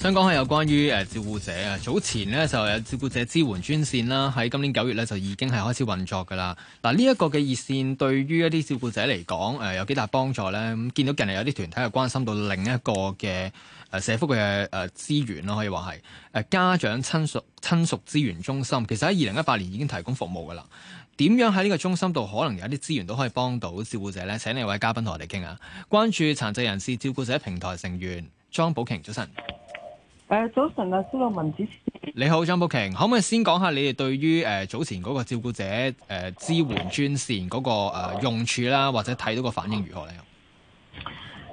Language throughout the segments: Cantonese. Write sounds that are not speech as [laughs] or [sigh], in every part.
想講係有關於誒照顧者啊，早前咧就有照顧者支援專線啦。喺今年九月咧就已經係開始運作㗎啦。嗱，呢一個嘅熱線對於一啲照顧者嚟講誒有幾大幫助呢？咁見到近日有啲團體係關心到另一個嘅誒社福嘅誒資源咯，可以話係誒家長親屬親屬資源中心。其實喺二零一八年已經提供服務㗎啦。點樣喺呢個中心度可能有一啲資源都可以幫到照顧者呢？請你位嘉賓同我哋傾啊。關注殘疾人士照顧者平台成員莊寶瓊早晨。誒，早晨啊，蘇樂文主持。你好，莊寶瓊，可唔可以先講下你哋對於誒早前嗰個照顧者誒支援專線嗰個誒用處啦，或者睇到個反應如何咧？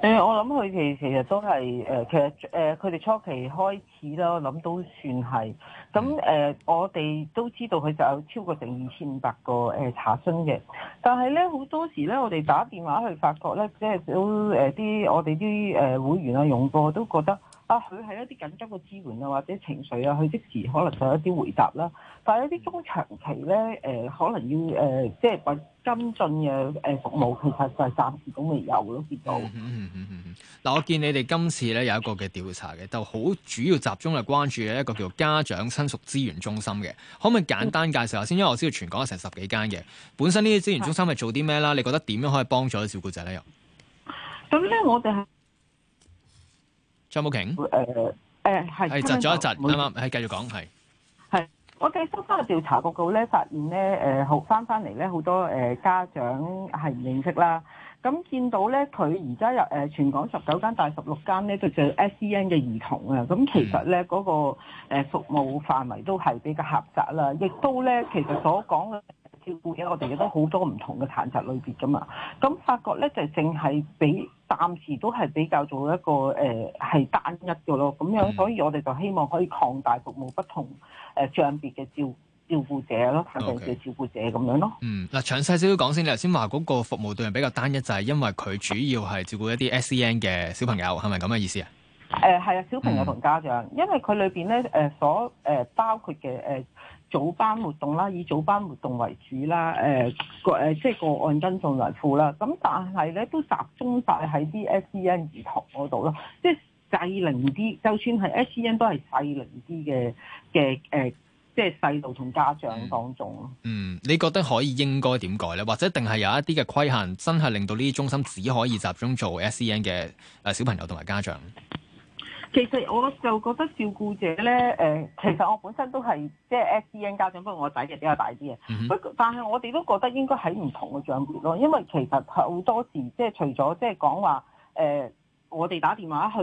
誒、呃，我諗佢哋其實都係誒、呃，其實誒，佢、呃、哋初期開始啦，我諗都算係。咁誒、呃，我哋都知道佢就有超過成二千五百個誒、呃、查詢嘅，但係咧好多時咧，我哋打電話去發覺咧，即係都誒啲、呃、我哋啲誒會員啊用過都覺得。啊！佢係一啲緊急嘅支援啊，或者情緒啊，佢即時可能就有一啲回答啦。但係一啲中長期咧，誒、呃、可能要誒、呃、即係話跟進嘅誒服務，其實就係暫時咁未有咯，見到。嗱、嗯嗯，我見你哋今次咧有一個嘅調查嘅，就好主要集中係關注嘅一個叫做家長親屬資源中心嘅。可唔可以簡單介紹下先？嗯、因為我知道全港成十幾間嘅，本身呢啲資源中心係做啲咩啦？的你覺得點樣可以幫助照顧者咧？又咁咧，我哋係。莊寶瓊，誒誒係，係窒咗一窒，啱啱錯，係繼、嗯、續講係，係我繼收翻去調查報告咧，發現咧，誒、呃，好翻翻嚟咧，好多誒家長係唔認識啦，咁見到咧，佢而家有誒、呃、全港十九間大十六間咧，都做 SEN 嘅兒童啊，咁其實咧嗰、那個誒服務範圍都係比較狹窄啦，亦都咧其實所講嘅。照顧者我哋亦都好多唔同嘅殘疾類別噶嘛，咁發覺咧就淨係比暫時都係比較做一個誒係單一嘅咯，咁樣所以我哋就希望可以擴大服務不同誒障別嘅照照顧者咯，或者叫照顧者咁樣咯。嗯，嗱詳細少少講先，你頭先話嗰個服務對象比較單一，就係因為佢主要係照顧一啲 SCN 嘅小朋友，係咪咁嘅意思啊？誒係啊，小朋友同家長，因為佢裏邊咧誒所誒包括嘅誒。早班活動啦，以早班活動為主啦，誒、呃、個誒即係個案跟進為輔啦。咁但係咧都集中晒喺啲 SEN 兒童嗰度咯，即係細齡啲，就算係 SEN 都係細齡啲嘅嘅誒，即係細路同家長當中咯。嗯，你覺得可以應該點改咧？或者定係有一啲嘅規限，真係令到呢啲中心只可以集中做 SEN 嘅誒小朋友同埋家長？其實我就覺得照顧者咧，誒、呃，其實我本身都係即係 SEN 家長，不過我仔嘅比較大啲嘅。不過、嗯哼，但係我哋都覺得應該喺唔同嘅障別咯，因為其實好多時即係除咗即係講話誒，我哋打電話去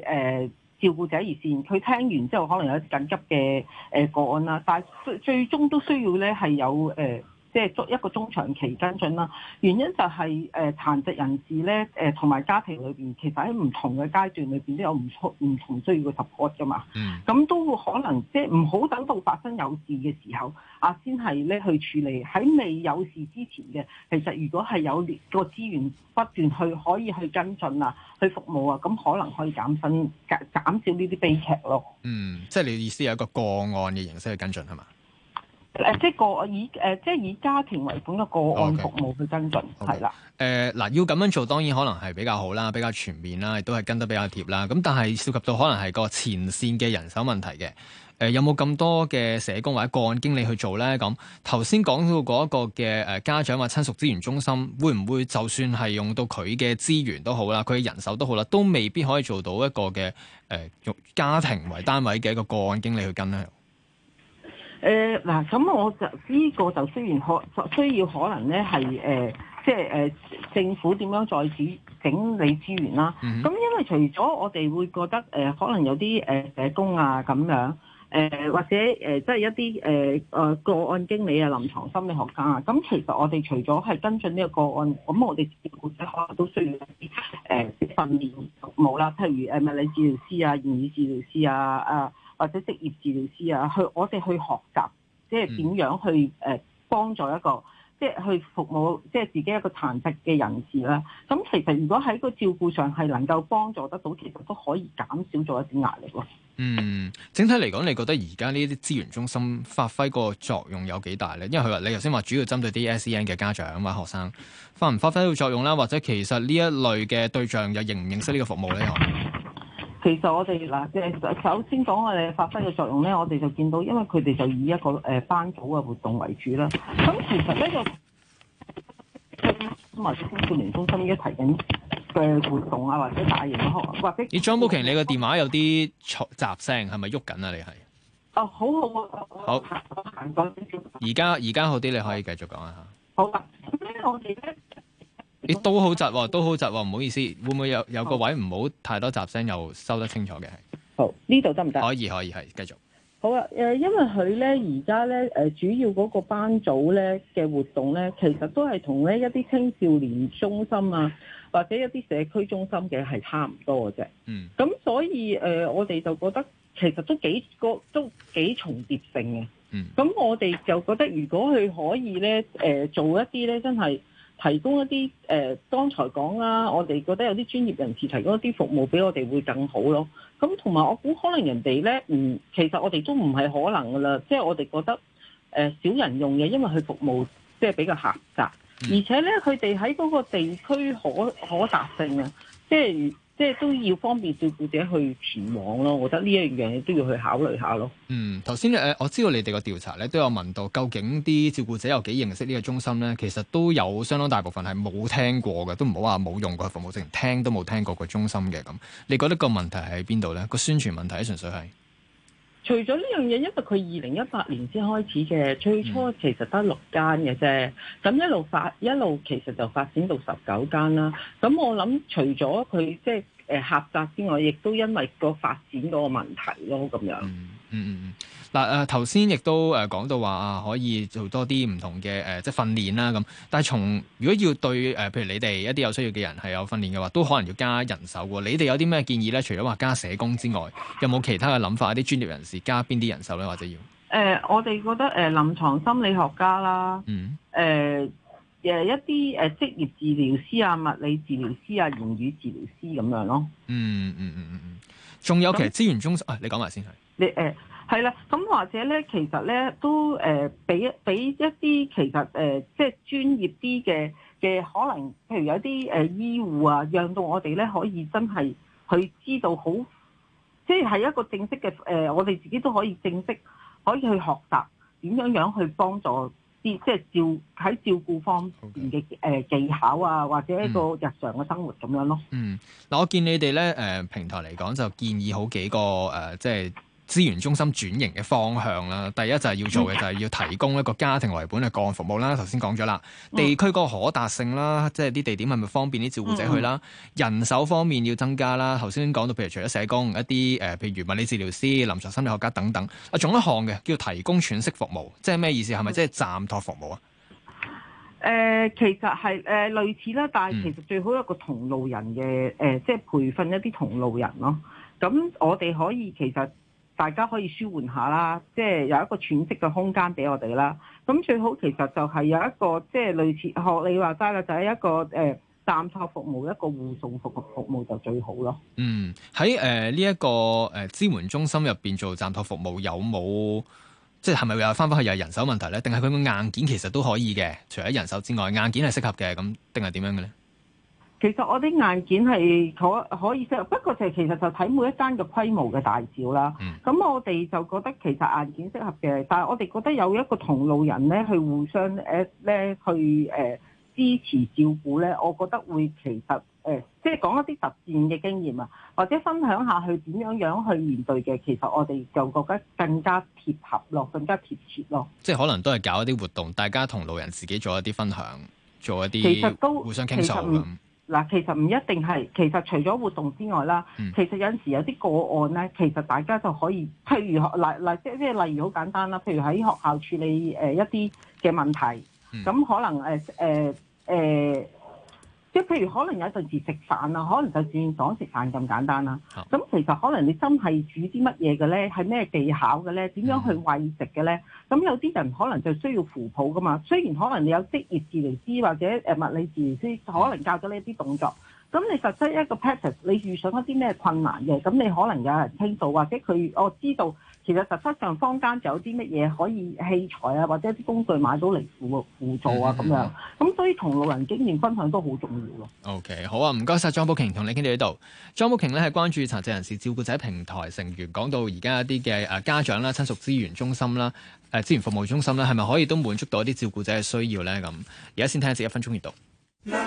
誒、呃、照顧者熱線，佢聽完之後可能有啲緊急嘅誒、呃、個案啦，但係最終都需要咧係有誒。呃即係做一個中長期跟進啦，原因就係誒殘疾人士咧，誒同埋家庭裏邊，其實喺唔同嘅階段裏邊都有唔同唔同需要嘅 support 噶嘛。嗯。咁都會可能即係唔好等到發生有事嘅時候啊，先係咧去處理。喺未有事之前嘅，其實如果係有個資源不斷去可以去跟進啊，去服務啊，咁可能可以減少減減少呢啲悲劇咯。嗯，即係你意思係一個個案嘅形式去跟進係嘛？是嗎？誒，即係個以誒，即係以家庭為本嘅個案服務 Okay. 去增進，係啦 Okay. 的。誒，嗱，要咁樣做，當然可能係比較好啦，比較全面啦，亦都係跟得比較貼啦。咁但係涉及到可能係個前線嘅人手問題嘅，誒、呃，有冇咁多嘅社工或者個案經理去做咧？咁頭先講到嗰一個嘅誒，家長或親屬資源中心，會唔會就算係用到佢嘅資源都好啦，佢嘅人手都好啦，都未必可以做到一個嘅誒、呃，用家庭為單位嘅一個個案經理去跟咧？誒嗱，咁、呃、我就呢、呢個就雖然可需要可能咧係即係政府點樣再整整理資源啦。咁、mm hmm. 因為除咗我哋會覺得、呃、可能有啲誒社工啊咁樣，誒、呃、或者即係、呃即係、一啲誒、呃、個案經理啊、臨床心理學家啊，咁、嗯、其實我哋除咗係跟進呢個個案，咁我哋自己可能都需要一啲誒訓練服務啦，譬如誒物理治療師啊、言語治療師啊啊。呃或者職業治療師啊，去我哋去學習，即係點樣去誒、呃、幫助一個，即係去服務即係自己一個殘疾嘅人士啦、啊。咁其實如果喺個照顧上係能夠幫助得到，其實都可以減少咗一啲壓力咯、啊。嗯，整體嚟講，你覺得而家呢啲資源中心發揮個作用有幾大咧？因為佢話你頭先話主要針對啲 S E N 嘅家長或者學生，發唔發揮到作用啦？或者其實呢一類嘅對象又認唔認識呢個服務咧？ [laughs] 其實我哋嗱，誒首首先講我哋發揮嘅作用咧，我哋就見到，因為佢哋就以一個誒班組嘅活動為主啦。咁其實呢、呢個中或者青少年中心而家提緊嘅活動啊，或者大型啊，或者，咦，莊寶瓊，你個電話有啲雜聲，係咪喐緊啊？你係？哦，好好啊，好。而家而家好啲好，你可以繼續講一下。好嘅。我都好窒喎，都好窒喎，唔好意思，會唔會有有個位唔好太多雜聲又收得清楚嘅？係好呢度得唔得？可以可以係繼續。好啊，誒、呃，因為佢咧而家咧誒，主要嗰個班組咧嘅活動咧，其實都係同咧一啲青少年中心啊，或者一啲社區中心嘅係差唔多嘅啫。嗯。咁所以誒、呃，我哋就覺得其實都幾個都幾重疊性嘅。嗯。咁我哋就覺得，如果佢可以咧，誒、呃、做一啲咧，真係。提供一啲誒，剛才講啦，我哋覺得有啲專業人士提供一啲服務俾我哋會更好咯。咁同埋我估可能人哋咧，唔、嗯、其實我哋都唔係可能㗎啦。即係我哋覺得誒少、呃、人用嘅，因為佢服務即係比較狹窄，而且咧佢哋喺嗰個地區可可達性啊，即係。即係都要方便照顧者去前往咯，我覺得呢一樣嘢都要去考慮下咯。嗯，頭先誒我知道你哋個調查咧，都有問到究竟啲照顧者有幾認識呢個中心咧，其實都有相當大部分係冇聽過嘅，都唔好話冇用過服務證明，聽都冇聽過個中心嘅咁。你覺得個問題喺邊度咧？個宣傳問題純粹係。除咗呢樣嘢，因為佢二零一八年先開始嘅，最初其實得六間嘅啫，咁一路發，一路其實就發展到十九間啦。咁我諗，除咗佢，即係。誒狹窄之外，亦都因為個發展嗰個問題咯，咁樣、嗯。嗯嗯嗯。嗱誒，頭先亦都誒講到話啊，可以做多啲唔同嘅誒、呃，即係訓練啦咁。但係從如果要對誒、呃，譬如你哋一啲有需要嘅人係有訓練嘅話，都可能要加人手喎。你哋有啲咩建議咧？除咗話加社工之外，有冇其他嘅諗法？啲專業人士加邊啲人手咧，或者要？誒、呃，我哋覺得誒臨床心理學家啦，嗯誒。呃誒一啲誒職業治療師啊、物理治療師啊、言語治療師咁樣咯。嗯嗯嗯嗯嗯，仲、嗯嗯、有其實資源中心那啊，你講埋先係。你誒係啦，咁、呃、或者咧，其實咧都誒俾、呃、一俾一啲其實誒、呃、即係專業啲嘅嘅可能，譬如有啲誒、呃、醫護啊，讓到我哋咧可以真係去知道好，即係係一個正式嘅誒、呃，我哋自己都可以正式可以去學習點樣樣去幫助。即係照喺照顧方面嘅誒技巧啊，或者一個日常嘅生活咁樣咯。嗯，嗱、嗯，我見你哋咧誒，平台嚟講就建議好幾個誒、呃，即係。資源中心轉型嘅方向啦，第一就係要做嘅就係、是、要提供一個家庭為本嘅個案服務啦。頭先講咗啦，地區嗰個可達性啦，嗯、即係啲地點係咪方便啲照顧者去啦？嗯、人手方面要增加啦。頭先講到，譬如除咗社工，一啲誒、呃，譬如物理治療師、臨床心理學家等等。啊，仲有一項嘅叫提供喘息服務，即係咩意思？係咪即係暫托服務啊？誒、呃，其實係誒、呃、類似啦，但係其實最好有個同路人嘅誒、呃，即係培訓一啲同路人咯。咁我哋可以其實。大家可以舒緩下啦，即係有一個喘息嘅空間俾我哋啦。咁最好其實就係有一個即係類似學你話齋啦，就係一個誒暫託服務，一個護送服服務就最好咯。嗯，喺誒呢一個誒、呃、支援中心入邊做暫託服務，有冇即係係咪又翻返去又人手問題咧？定係佢個硬件其實都可以嘅，除咗人手之外，硬件係適合嘅咁，定係點樣嘅咧？其實我啲硬件係可，可以適合，不過就其實就睇每一間嘅規模嘅大小啦。咁、嗯、我哋就覺得其實硬件適合嘅，但係我哋覺得有一個同路人咧去互相呃咧、呃、去誒、呃、支持照顧咧，我覺得會其實誒、呃、即係講一啲實戰嘅經驗啊，或者分享一下去點樣樣去面對嘅，其實我哋就覺得更加貼合咯，更加貼切咯。即係可能都係搞一啲活動，大家同路人自己做一啲分享，做一啲其實都互相傾訴咁。嗱，其實唔一定係，其實除咗活動之外啦，嗯、其實有陣時有啲個案咧，其實大家就可以，譬如嗱嗱，即即例如好簡單啦，譬如喺學校處理誒一啲嘅問題，咁、嗯、可能誒誒誒。呃呃即係譬如可能有陣時食飯啊，可能就算講食飯咁簡單啦。咁好其實可能你真係煮啲乜嘢嘅咧，係咩技巧嘅咧？點樣去餵食嘅咧？咁、嗯、有啲人可能就需要扶抱噶嘛。雖然可能你有職業治療師或者誒物理治療師，可能教咗呢一啲動作。咁、嗯、你實際一個 practice 你遇上一啲咩困難嘅？咁你可能有人傾訴，或者佢我、哦、知道。其實實質上，坊間就有啲乜嘢可以器材啊，或者啲工具買到嚟輔輔助啊，咁 [laughs] 樣咁，所以同路人經驗分享都好重要咯。OK，好啊，唔該晒。莊寶瓊同你傾到呢度。莊寶瓊咧係關注殘疾人士照顧者平台成員，講到而家一啲嘅誒家長啦、親屬資源中心啦、誒資源服務中心啦，係咪可以都滿足到一啲照顧者嘅需要咧？咁而家先聽一節一分鐘閱讀。